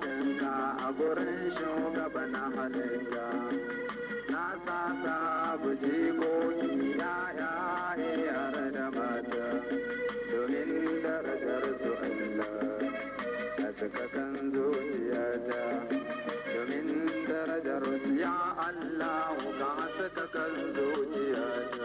katinka a gurin shugaba na halitta na sa sabu jikoki ya yaye yare da mata domin darajar su Allah a cikakan zuciyata domin darajar su ya Allah ka cikakan zuciyata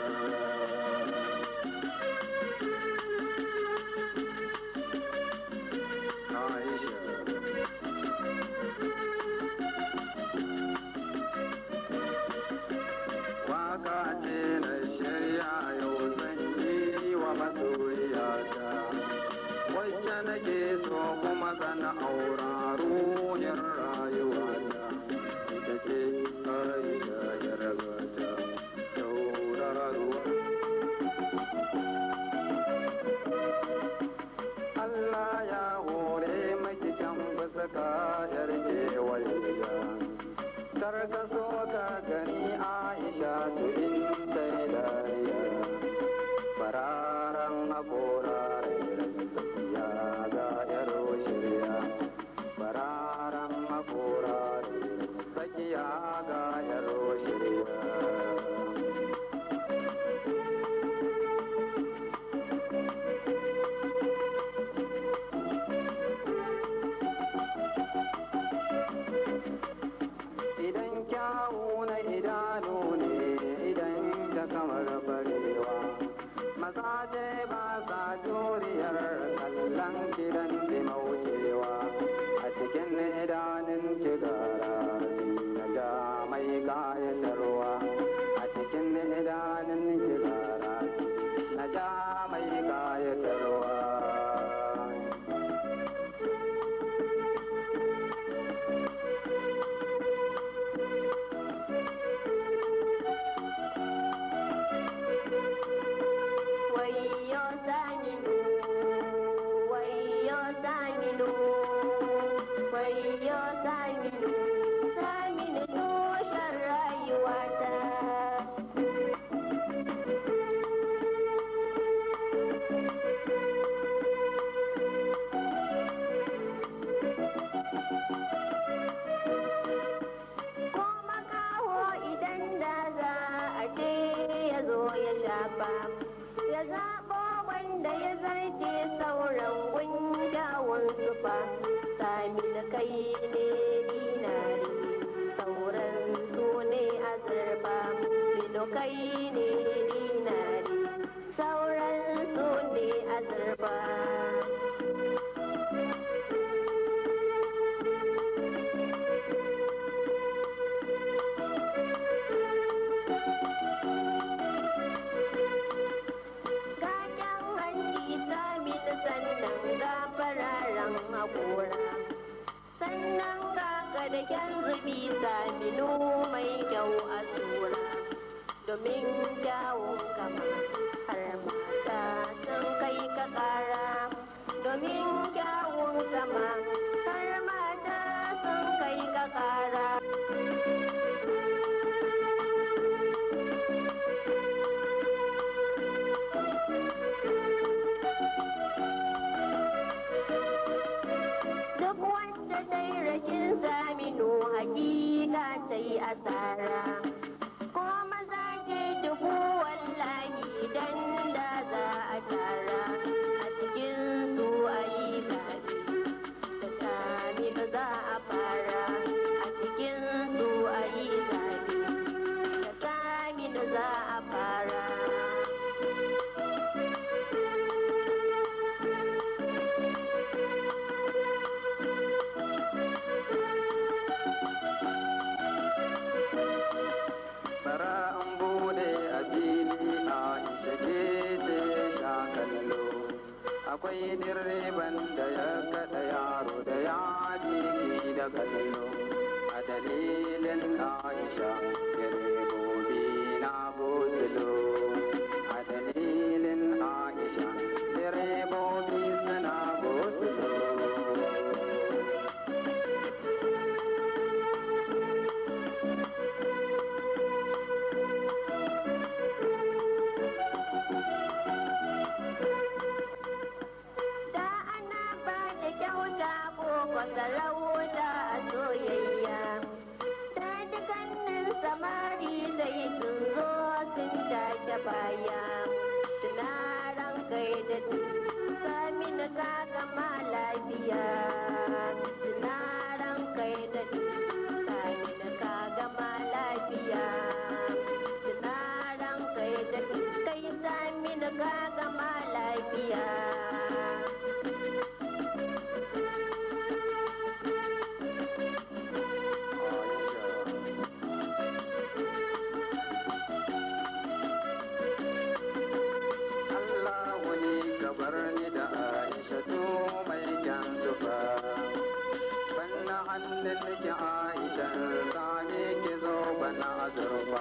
na aura ruhin rayuwata ita ce aisha yarabata taurarwa Allah ya hore maki can fuska yarjewa ya tarkasa साजे shafa ya zaɓo wanda ya zarce sauran gunjawun zufa sami kai ne dinari sauran su ne azurfa kai ne da kyan zubi saminu mai kyau a tsura domin kyawun kama. akwai direban da ya kada yaro da ya jiki daga lilo a dalilin Aisha. aishatu mai kyan sufa ban na hannun ki aishan ki zo bana azurfa